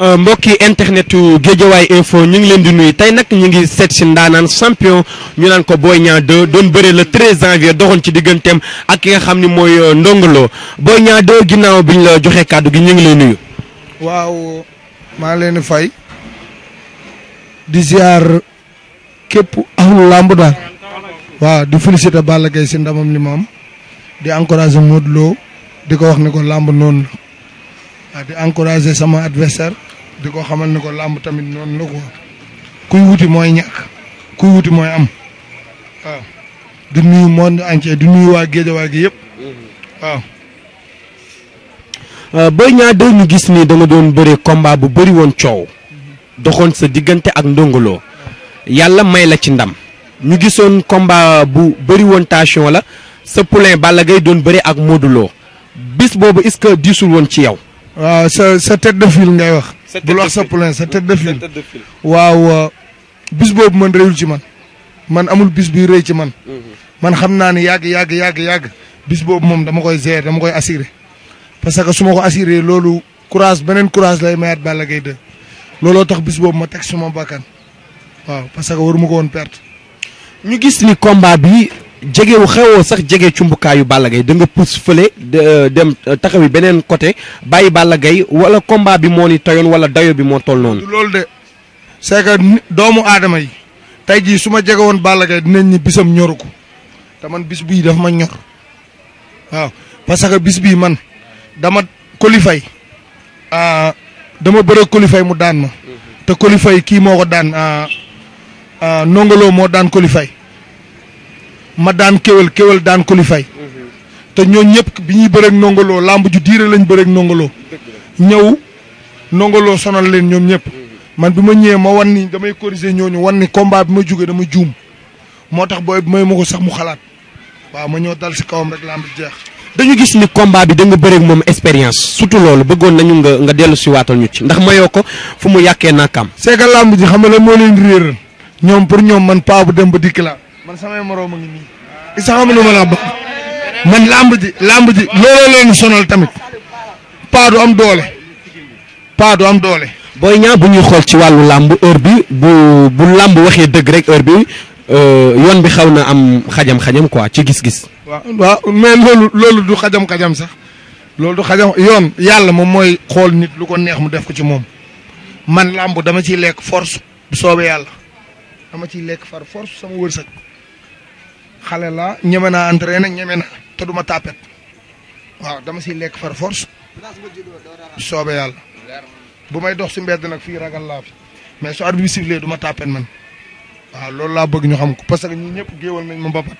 Euh, mbokki internetu Géejawaay info ñu ngi leen di nuyu tey nag ñu ngi seet si ndaanaan champion ñu naan ko Boy ñaar 2 doon bëre le 13 janvier doxoon ci digganteem ak ki nga xam ni mooy euh, Ndongo Lo Boy Niang 2 ginnaaw bi ñu la joxee kàddu gi ñu ngi lay nuyu. waaw maa leen fay di ziar képp ahlu làmb daal. waaw di féliciter Balla Gaye si ndamam li mu di encourager Modou di ko wax ni ko làmb noonu ah di encourager sama adversaire di ko xamal ni ko làmb tamit noonu la ko kuy wuti mooy ñàkk kuy wuti mooy am waaw di nuyu monde entier di nuyu waa gi yëpp waaw. Euh, Boy Niang ñu gis ni da nga doon bëri combat bu bëri woon coow doxoon sa diggante ak ndongolo yàlla may la ci ndam ñu gisoon combat bu bëri woon tension la sa poulain Balla Gaye doon bëri ak Modou bis boobu est-ce que diisul woon ci yow. waaw sa sa tête de ngay wax. bul wax sa poulain sa tête de file. waaw euh, bis boobu man réyul ci man man amul bis bi rëy ci man. Mm-hmm. man xam naa ne yàgg yàgg yàgg yàgg bis boobu moom dama koy gérer dama koy assurer parce que su ma ko assurer loolu courage beneen courage lay mayaat Balla gay de looloo tax bis boobu ma teg suma bakkan waaw parce que waruma ko woon perte. ñu gis ni combat bi jegewu xewoo sax jege cumbukaayu Balla Gaye da nga pousse fële euh, dem euh, taxawi beneen côté bàyyi Balla gay wala combat bi moo ni tayoon wala dayo bi moo toll noonu. loolu de c'est doomu aadama yi tey jii su ma jege woon Balla Gaye dinañ ñi bisam ñoru ko te man bis bii dafa ma ñor waaw parce que bis bii man dama kolifay ah, dama bëre kolifay mu daan ma. Mm-hmm. te kolifay kii moo ko daan ah, ah, nongolo moo daan kolifay. ma daan Kewel kewel daan kuli fay te ñoo ñep bi ñuy bëreeg nongoloo lamb ju diire lañ bëreeg nongolo ñew nongolo sonal leen ñom ñep man bima ñewé ma wan ni damay corriger ñooñu wan ni combat bima juggé dama joom motax boy booy may ma sax mu xalaat wa ma ñoo dal si kawam rek lamb jeex dañu gis ni combat bi da nga bëreeg mom experience surtout loolu bëggoon nañu nga nga delu ci waatal ñu ci ndax mayoo ko fu mu yaké nakam ségal lamb ji xam nga moo leen réeral ñom pour ñom man paa bu dem ba dik la man samay morom ngi ni isa xamul ma la man lamb ji lamb ji looloo leen sonal tamit paa du am doole paa du am doole Boy ñaa bu ñuy xool ci wàllu làmb heure bi bu bu làmb waxee dëgg rek heure bi euh, yoon bi xaw am xajam-xajam quoi ci gis-gis waaw waaw mais loolu loolu du xajam-xajam sax loolu du xajam yoon yàlla moom mooy xool nit lu ko neex mu def ko ci moom man làmb dama ciy lekk force bu soobee yàlla dama ciy lekk far force sama wërsëg xalé la ñëmé na entrer nak ñëmé na té duma tapet waaw dama ci lek far force soobe yalla bu may dox ci mbéd nak fi ragal la fi mais su arbitre bi duma tapet man waaw lool la bëgg ñu xam ko parce que ñi ñëpp géewal nañ ma mbapat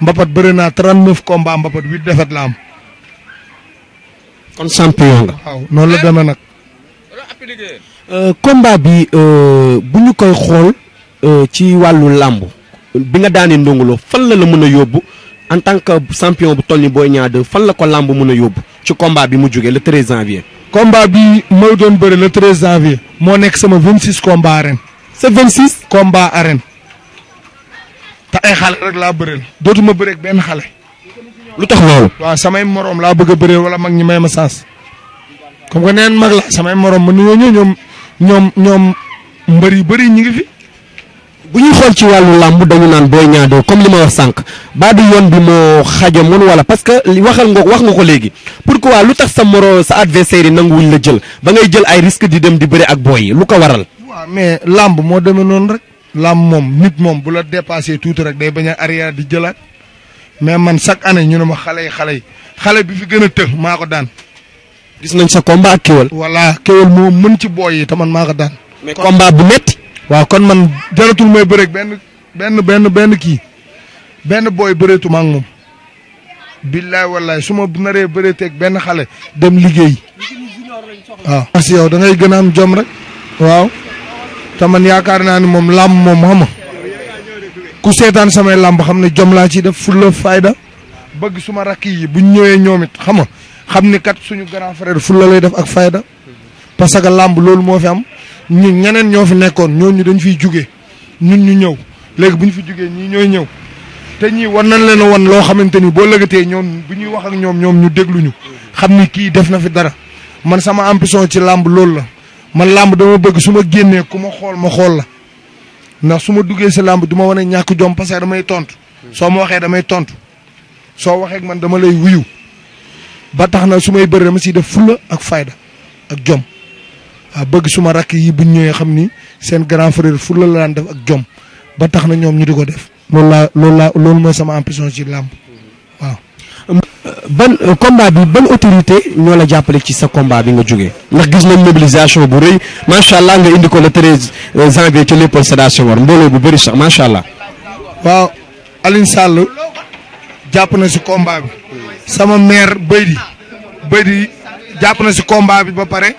mbapat bëré na 39 combat mbapat 8 défaite la am kon champion nga waaw non la demee nag euh, combat bi euh buñu koy xol euh ci walu lambu bi nga daanee Ndongo Lo fan la la mën a yóbbu en tant que champion bu toll ni booy Niang fan la ko làmb mën a yóbbu ci combat bi mu jógee la 13 janvier. combat bi ma doon bëri le 13 janvier. moo nekk sama 26 combat arène. sa 26. combat arène. te ay xale rek laa bëreel. dootuma bëreeg benn xale. lu tax loolu. waaw samay moroom laa bëgg a bëreel wala mag ñi may ma sens comme que neen mag la samay morom ma nuyoo ñoom ñoom ñoom mbër yu bëri ñu ngi fi. bu ñuy ci walu lamb dañu nan boy ñaado comme li wax sank ba du yoon bi moo xajamoon wala parce que waxal ngok wax nga ko léegi pourquoi lu tax sa moro sa adversaire yi nanguwuñ la jël ba ngay jël ay risque di dem di bëre ak boy lu ko waral waaw mais lamb mo demé non rek lamb mom nit mom bu la dépasser tout rek day baña di jëlat mais man chaque année ñu ne ma xalé xalé bi fi gëna teuf mako daan gis nañ sa combat kewal wala kewal mo mën ci boy yi te man mako daan combat bu metti waaw kon man jaratul may bëreeg ben ben ben ki ben boy booy bëreetuma ak moom billaay wallaay su ma naree ak ben xalé dem liggéey ah merci yow da ngay gëna am jom rek waaw ta man yaakar naani mom lamb mom moom xam ku seetaan samay lamb xam jom la ci def fulu fayda bëgg suma yi bu ñëwé ñomit xam kat suñu grand frère fulu lay def ak fayda parce que lamb lool mo fi am ñi ñeneen ñoo fi nekkoon ñu dañ fiy jugee ñun ñu ñëw léegi bu ñu fi jugee ñii ñooy ñëw te ñii war nañ leen a wan loo xamante ni boo lëgatee ñoom bu ñuy wax ak ñoom ñoom ñu dégluñu xam ni kii def na fi dara man sama ambition ci làmb loolu la man làmb dama bëgg su ma génnee ku ma xool ma xool la ndax su ma duggee si làmb du ma wane ñàkk jom parce que damay tontu soo ma waxee damay tontu soo waxee man dama lay wuyu ba tax na su may bëri dama siy def fulla ak fayda ak jom waaw ah, bëgg suma rakk yi bu ñëwee xam ni seen grand frère fu la daan def ak jom ba tax na ñoom ñu di ko def loolu laa loolu laa loolu mooy sama ambition ci làmb waaw. ban euh, combat bi ban autorité ñoo la jàppale ci sa combat bi nga jógee ndax gis nañ mobilisation bu rëy macha allah nga indi ko le treize euh, janvier ci Léopold Sédar war mbooloo bu bëri sax macha allah. waaw Alioune Sall jàpp na si combat bi. sama maire Béydi Béydi jàpp na si combat bi ba pare.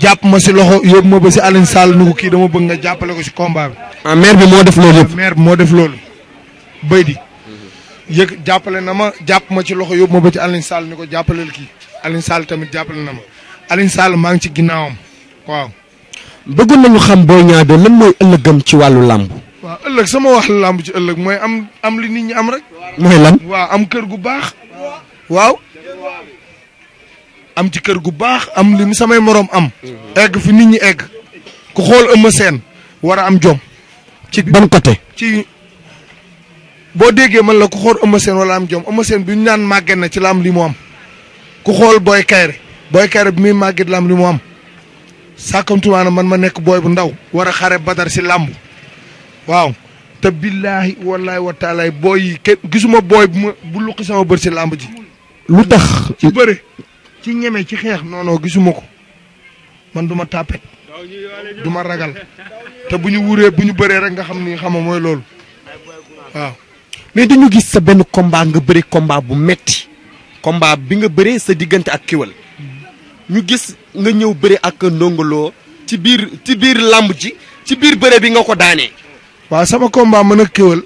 jàpp ma si loxo yóbbu ma ba si Alioune Sall nu ko kii dama bëgg nga jàppale ko si combat bi. ah maire bi moo def loolu yëpp. maire bi moo def loolu béy di. yëg jàppale na ma jàpp ma ci loxo yóbbu ma ba ci Alioune Sall ni ko jàppaleel kii Alioune Sall tamit jàppale na ma Alioune Sall maa ngi ci ginnaawam waaw. bëggoon nañu xam Boy Niang 2 mooy ëllëgam ci wàllu làmb. waaw ëllëg sama wax làmb ci ëllëg mooy am am li nit ñi am rek. mooy lan waaw am kër gu baax. waaw am ci kër gu baax am limi samay morom am. egg fi nit ñi egg ku xol seen wara am jom. ci ban côté. ci bo déggé man la ku xor ëmb seen wala am jom ëmb seen bi ñaan magen na ci lam am li mu am ku xol boy kayre boy kayre bi am li mu am sàkkamtumaana man ma nek boy bu ndaw wara xare badar si lamb waaw te billahi wallahi wa ta'ala boy gisuma boy bu lu bër ji. lutax ci ci ñeme ci xeex noonoo gisuma ko man duma ma tàppet du ma ragal te bu ñu wuree bu ñu baree rek nga xam ni xama mooy loolu waaw mais dañu gis sa benn combat nga bëri combat bu metti combat bi nga bëree sa diggante ak kiwal ñu gis nga ñëw bëri ak ndongoloo ci biir ci biir làmb ji ci biir bëre bi nga ko daanee waaw sama combat mën a kiwal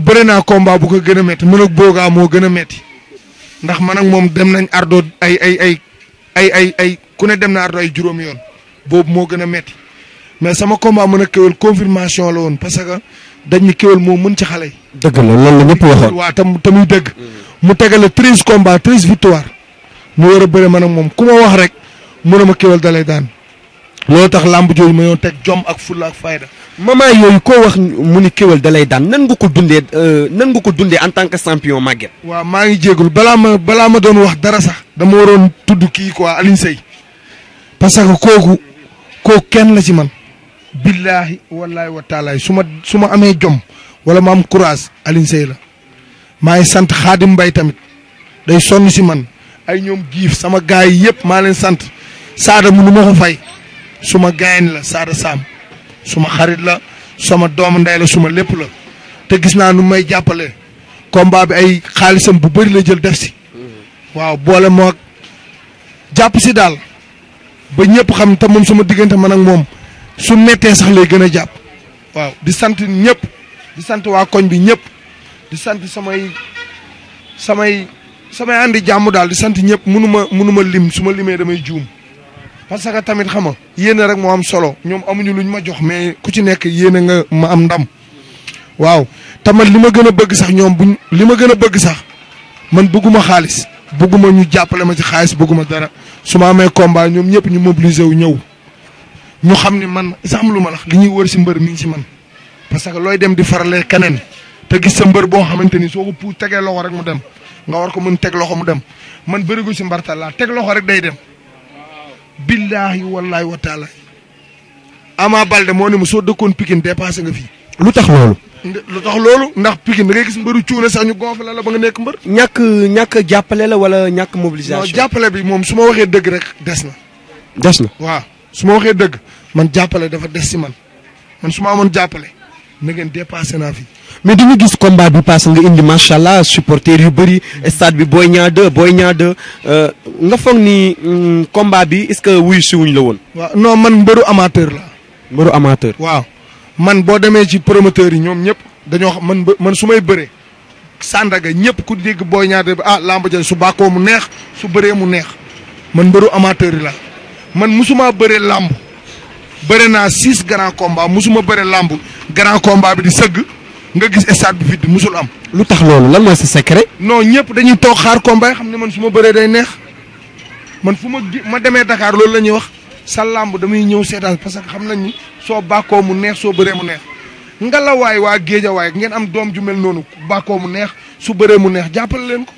bëri naa combat bu ko gën a metti mën a boogaa moo gën a metti ndax man ak moom dem nañ ardo ay ay ay ay ay ay ku ne dem na ardo ay juróomi yoon boobu moo gën a metti mais sama combat mën a kéwél confirmation la woon parce que dañu kéwél moo mën ci xale yi. dëgg la loolu la ñëpp waxoon waaw tam tamuy dëgg. Mm. mu tegale treize combats treize victoire mu war a bëre ma ak moom ku ma wax rek mu ne ma kéwél dalay daan loolu tax làmb jooju ma yoon teg jom ak fulla ak fayda. ma moment yooyu koo wax mu ni kéwél da lay daan nan nga ko dundee euh, nan nga ko dundee en tant que champion màgget waaw maa ngi jéegul balaa ma balaa ma doon wax dara sax dama waroon tudd kii quoi Alioune Seye parce que kooku kooku kenn la ci man. billaahi wallaahi wa taalaay su ma su ma amee jom wala ma am courage Alioune la maa ngi sant Xaadim Mbay tamit day sonn si man ay ñoom giif sama gaay yëpp maa leen sant saada mu nu ma ko fay suma gaayen la saada saam suma xarit la sama doomu ndey la suma lépp la te gis naa nu may jàppale combat bi ay xaalisam bu bari la jël def si waaw boole moo jàpp si daal ba ñëpp xam te moom sama diggante man ak moom su mettee sax lay gën a jàpp waaw di sant ñëpp di sant waa koñ bi ñëpp di sant samay samay samay àndi jàmm daal di sant ñëpp mënuma mënuma lim su ma limee damay juum parce que tamit xama yene rek mo am solo ñom amuñu luñ ma jox mais ku ci nekk yene nga ma am ndam waaw tamat lima gëna bëgg sax ñom buñ lima ma bëgg sax man bëgguma xaaliss bëgguma ñu jappalé ma ci xaaliss bëgguma dara suma ma combat ñom ñëpp ñu mobiliser wu ñëw ñu xamni man sax am lu lax li ñuy wër ci mbeur mi ci man parce que loy dem di faralé kenen te gis sa mbeur bo xamanteni soko pou tégué loxo rek mu dem nga war ko mën teg loxo mu dem man bërigu ci mbarta la loxo rek day dem billaahi wallaahi wa taala Ama Balde moo ne ma soo dëkkoon pikin dépassé nga fii. lu tax loolu. lu tax loolu ndax Pikine da ngay gis mbëru cuune sax ñu gonfale la la ba nga nekk mbër. ñàkk ñàkk jàppale la wala ñàkk mobilisation. jàppale bi moom su ma waxee dëgg rek des na. des na waaw su ma waxee dëgg man jàppale dafa des si man man su ma amoon jàppale. na ngeen dépassé naa fi. mais dañu gis combat bi paase nga indi macha allah supporters yu bëri stade bi booy Niang booy Boy Niang 2 euh, nga foog ni combat bi est-ce que wuyu si wuñ la woon. waa non man mbëru amateur la. mbëru amateur. waaw man boo demee ci promoteurs yi ñoom ñëpp dañoo xam man man su may bëree. Sandaga ñëpp ku dégg Boy Niang bi ah lamba su bàkkoo mu neex su bëree mu neex man mbëru amateur la man musuma bëree lamb. bëre naa six grand komba mosuma bëre làmb grand combat bi di sëgg nga gis stade bi vide musul am. lu tax loolu lan mooy si secret. noonu ñëpp dañuy toog xaar combat yi xam ne man su ma bëree day neex man fu ma ma demee dakaar loolu la ñuy wax sa làmb damay ñëw seetaan parce que xam nañu soo bàkkoo mu neex soo bëree mu neex. ngalawaay waa géejawaay ngeen am doom ju mel noonu bàkkoo mu neex su bëree mu neex jàppale leen ko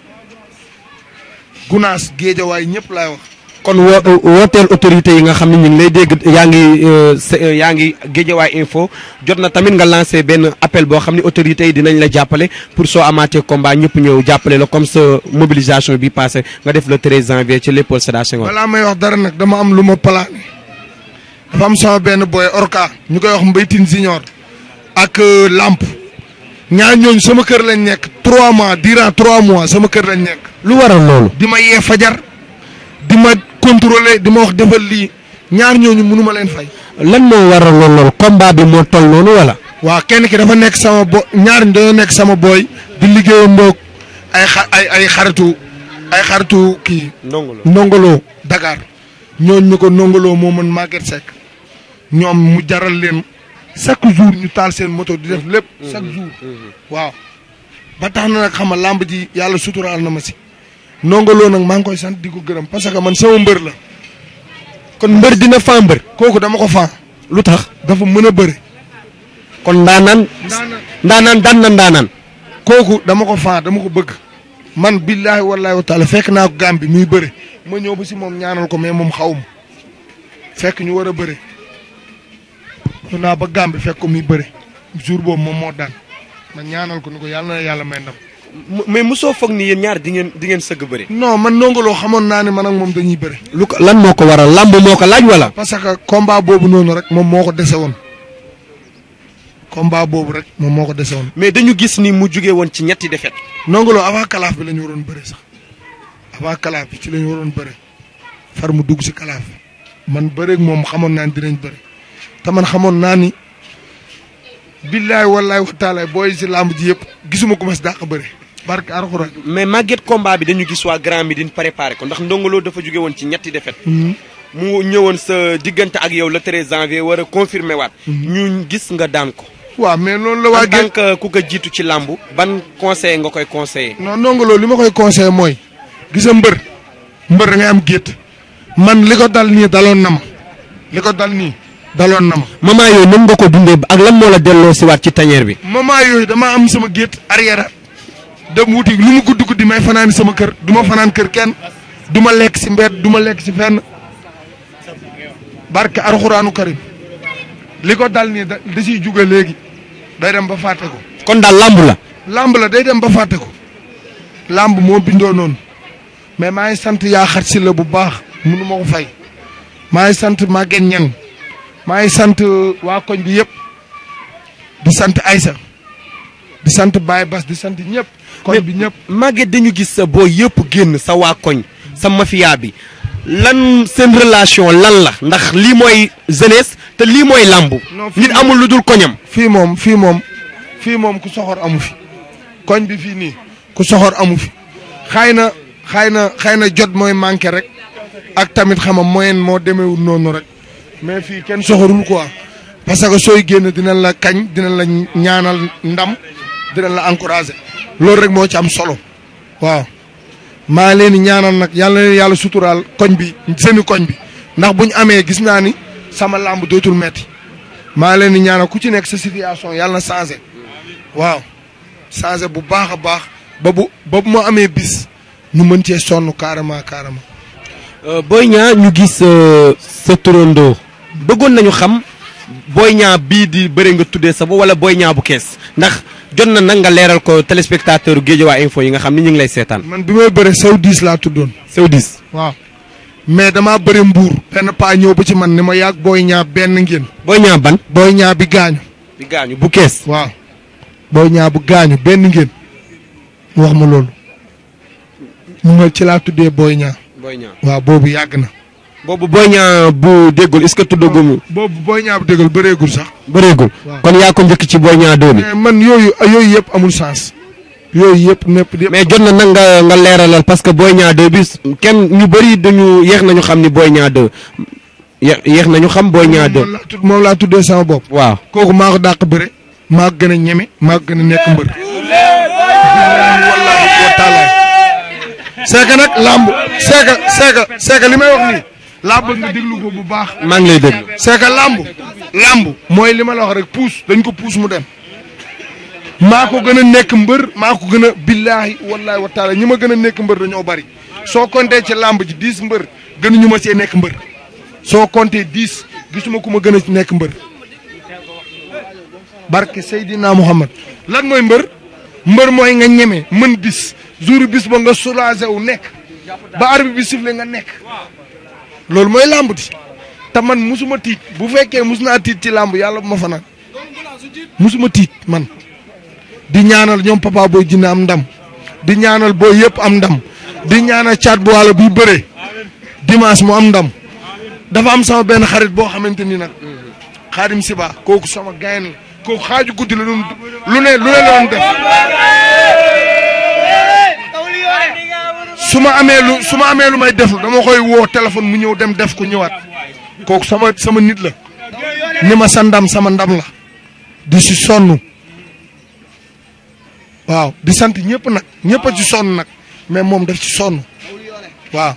gunaas géejawaay ñëpp laay wax. kon woo wooteel autorités yi nga xam ne ñu ngi lay dégg yaa ngi euh, yaa ngi Guédiawaye info jot na tamit nga lancé benn appel boo xam ne autorité yi dinañ la jàppale pour soo amaatee combat ñëpp ñëw jàppale la comme sa mobilisation bi passé nga def le 13 janvier ci Léopold Sédar Senghor. balaa may wax dara nag dama am lu ma plané dafa benn boy orca ñu koy wax mbaytin junior ak euh, lamp ñaar ñooñu sama kër lañ nekk trois mois durant trois mois sama kër lañ nekk. lu waral loolu. di ma yee fajar di ma. contrôler di ma wax defal lii ñaar ñoo ñu ma leen fay. lan moo war lool loolu combat bi moo toll noonu wala. waaw kenn ki dafa nekk sama bo ñaar ñi dañoo nekk sama booy di liggéeyam boog ay xa ay ay xaritu ay xaritu kii. ndongolo ndongolo Dakar ñooñu ñu ko ndongolo moo mën Maguette Seck ñoom mu jaral leen chaque jour ñu taal seen moto di def lépp. chaque mm-hmm. jour mm-hmm. waaw. ba tax na nag xam nga làmb ji yàlla suturaal na ma si. nongoloo nag maa ngi koy sant di ko gërëm parce que man sama mbër la kon mbër dina faa mbër kooku dama ko faa lu tax dafa mën a bëre kon ndaanaan ndaanaan daan na ndaanaan kooku dama ko faa dama ko bëgg man billaahi wallaahi wa fekk naa ko gàm bi muy bëre ma ñëw ba si moom ñaanal ko mais moom xaw ma fekk ñu war a bëre ñu naa ba gàm fekk ko muy bëre jour boobu moom moo daan ma ñaanal ko ni ko yàlla na yàlla may ndam mais mosoo foog ni yéen ñaar di ngeen di ngeen sëgg bëri. non man Ndongo xamoon naa ne man moom dañuy bëri. lu ko lan moo ko waral làmb moo ko laaj wala. parce que combat boobu noonu rek moom moo ko dese woon boobu rek moom moo ko dese woon. mais dañu gis ni mu jugee woon ci ñetti defet Ndongo Lo avant kalaaf bi la ñu waroon bëri sax avant kalaaf bi ci lañu waroon bëri far mu dugg si kalaaf man bëreeg moom xamoon naa ne dinañ bëri te man xamoon naa ni billaay wallaay wa taalaay booy si làmb ji yëpp gisuma ku ma si dàq bëri. barke Alxuraan mais màgget combat bi dañu gis waa Grand Médine préparé ko ndax Ndongo Lo dafa jóge woon ci ñetti défaite mhm. mu ñëwoon sa diggante ak yow la 13 janvier war a confirmer waat. Mhm. ñu gis nga daan ko. waaw mais loolu la waa en tant que ku ko jiitu ci làmb ban conseil nga koy conseillé. non ndongoloo li ma koy conseillé mooy. gisa mbër. mbër da ngay am gétt. man li ko dal nii daloon na ma. li ko dal nii daloon na ma. moment yooyu nan nga ko dundee ak lan moo la delloo si ci tañeer bi. moment yooyu dama am sama gétt arrière dem wuti lu mu gudd gudd may fanan sama kër duma fanan kër kenn duma lek ci duma lek ci fenn barke arxuraanu karim liko dal ni da ci juga legi, day dem ba faté ko. kon dal lamb la. lamb la day dem ba faté ko. lamb mo bindo non mais may sante ya yaa bu baax ma ko fay may sante ma koñ bi yépp di sante Aïssa. di sant Baye Bass di sant ñëpp. koñ bi ñëpp Maguette dañu gis sa boo yëpp génn sa waa koñ sama mafia bi lan seen relation lan la ndax lii mooy jeunesse te lii mooy làmb nit amul lu dul koñam. fii moom fii moom fii moom ku soxor amu fi koñ bi fii nii ku soxor amu fi xay na xay na xay na jot mooy manqué rek ak tamit xama moyen moo demeewul noonu rek mais fii kenn soxorul quoi parce que sooy génn dina la kañ dina la ñaanal ndam. dinañ la encouragé loolu rek moo ci am solo waaw maa leen di ñaanal nag yàlla leen yàlla suturaal koñ bi seeni koñ bi ndax bu ñu amee gis naa ni sama làmb dootul metti maa leen di ñaanal ku ci nekk sa situation yàlla na changé waaw changé bu baax a baax ba bu ba bu ma amee bis ñu mën cee sonn carrément carrément. Euh, Boy ñaa ñu gis euh, sa turandoo bëggoon nañu xam booy ñaa bii di bëre nga tuddee sa bo wala Boy Niang bu kees ndax. jot na nag nga leeral ko téléspectateur waa info yi nga xam ni ñu ngi lay seetaan. man bi may bëre sew diis laa tuddoon. sew waaw. mais dama bëri mbuur. benn paa bu ci man ni ma yàgg booy ñaa benn ngéen booy ñaa ban. booy ñaa bi gaañu. gaañu bu kees. waaw booy ñaa bu gaañu benn ngéen mu wax ma loolu. mu nga ci laa tuddee booy ñaa. booy ñaa waaw boobu yàgg na. bobu Boy bu déggul est-ce tuddo gumu bobu Boy bu déggul beregul sax. beregul kon ya ko njëkk ci Boy Niang 2 man yoyu yoyu yep amul sens. yoyu yep nepp di. mais jonne na nga nga leeralal parce que Boy Niang bis ken ñu bari dañu yex nañu xamni ni Boy yex nañu xam Boy Niang mom la tuddé sama bop waaw koku mako dak dàq ma gëna ko ma gëna nekk mbeur wallaahi wa taala. c'est que nag làmb c'est que c'est que c'est que li wax nii. laa bëgg nga déglu ko bu baax. maa ngi lay déglu c'est que làmb làmb mooy li ma la wax rek puus dañ ko puus mu dem. maa ko gën a nekk mbër maa ko gën a billaahi wallaahi wa taala ñi ma gën a nekk mbër dañoo bari soo compté ci làmb ji dix mbër gënuñu ma see nekk mbër soo compté dix gisuma ku ma gën a nekk mbër barke Seydina Muhammad lan mooy mbër mbër mooy nga ñeme mën bis jour bis ba nga soulagé wu nekk ba arbitre bi sifle nga nekk loolu mooy làmb te man musuma tiit bu fekkee mus naa tiit ci làmb yàlla bu ma fa nag musuma tiit man di ñaanal ñoom papa booy jinne am ndam di ñaanal booy yépp am ndam di ñaanal caat bu wàll bi bëree dimanche mu am ndam dafa am sama benn xarit boo xamante ni nag xaadim siba kooku sama gayen la kooku xaaju guddi la lu ne lu ne la doon su ma amee lu su ma amee lu may def dama koy woo téléphone mu ñëw dem def ko ñëwaat kooku sama sama nit la ni ma sa ndam sama ndam la di si sonn waaw di sant ñëpp nag ñëpp a ci sonn nag mais moom daf ci sonn waaw.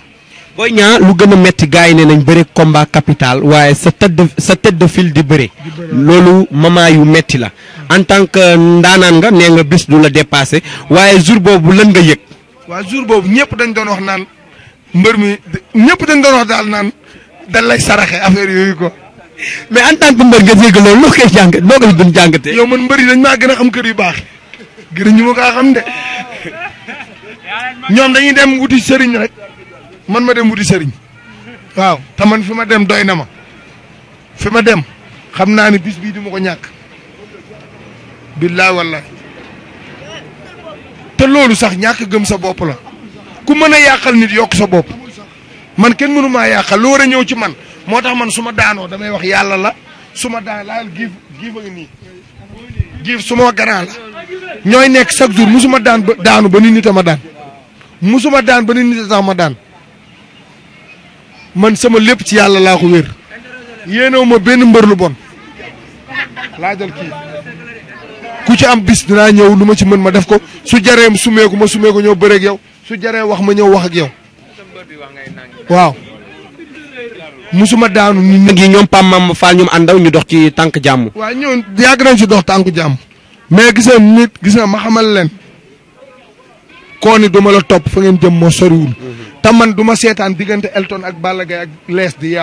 Boy Niang lu gën a métti gars yi ne nañ bëre combat capital waaye sa tëdd sa tëdd fil di bëre loolu mama yu métti la en tant que ndaanaan nga nee nga bis du la dépassé waaye jour boobu lan nga yëg. wa jour bobu ñepp dañ doon wax naan mbeur mi ñepp dañ doon wax dal naan dal lay saraxé affaire yoyu ko mais en tant que mbeur nga dégg lool lu koy jàng do nga dund jàngatee. yow man mbeur yi dañ ma gëna xam am kër yu baax gëna ñu ma xam dé ñom dañuy dem wuti sëriñ rek man ma dem wuti sëriñ waaw ta man fima dem doyna na ma fima dem xamna ni bis bi du ko ñàkk billaay te loolu sax ñàkk gëm sa bopp la ku mën a yàqal nit yokk sa bopp man kenn mënu maa yàqal lu war a ñëw ci man moo tax man su ma daanoo damay wax yàlla la su ma daan laal giif giif a ngi nii giif su ma garant la ñooy nekk chaque jour musuma daan daanu ba nit nit a ma daan musuma daan ba nit nit a ma daan man sama lépp ci yàlla laa ko wér yéenewu ma benn mbër lu bon laajal kii ku ci am bis dina ñew luma ci mën ma def ko su wow ko ma sumeeku ñëw bëreeg yow su jaree wax ma ñew wax ak yow waaw musuma daanu nit ngi ñom pam mam fa ñoom andaw ñu dox ci tank jamm waaw ñoon nañ ci dox tank jamm mais gisé nit gisé ma xamal leen ni duma la top fa ngeen jëm moo soriwul ta man duma sétane digënté Elton ak Balaga ak les di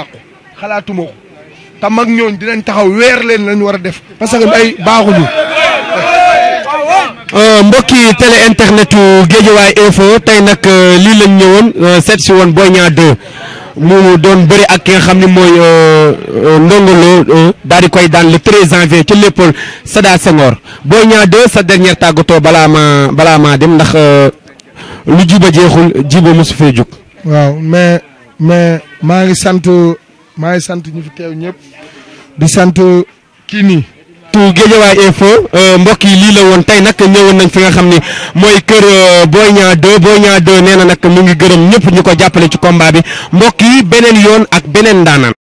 te mag ñooñ dinañ taxaw weer leen lañ war a def parce que ay baaxuñu. Euh, mbokki télé internet yu Géejawaay info tey nag euh, li lañ ñëwoon euh, seet si woon booy Niang 2 mu doon bëri ak ki nga xam ne mooy Ndongo Lo daal di koy daan le 13 janvier ci lépp Sada Senghor Boy Niang 2 sa dernière tàggatoo balaa ma balaa maa dem ndax lu jiba jeexul jiba mosu fee jóg. waaw mais maa ngi sant. maa ngi sant ñu fi teew ñëpp di sant kii nii. tu Guédiawaye info euh, mbokk yi lii la woon tey nag ñëwoon nañ fi nga xam ni mooy kër euh, Boy Niang 2 Boy Niang 2 nee na nag mu ngi gërëm ñëpp ñu ko jàppale ci combat bi mbokk yi beneen yoon ak beneen ndaanaan.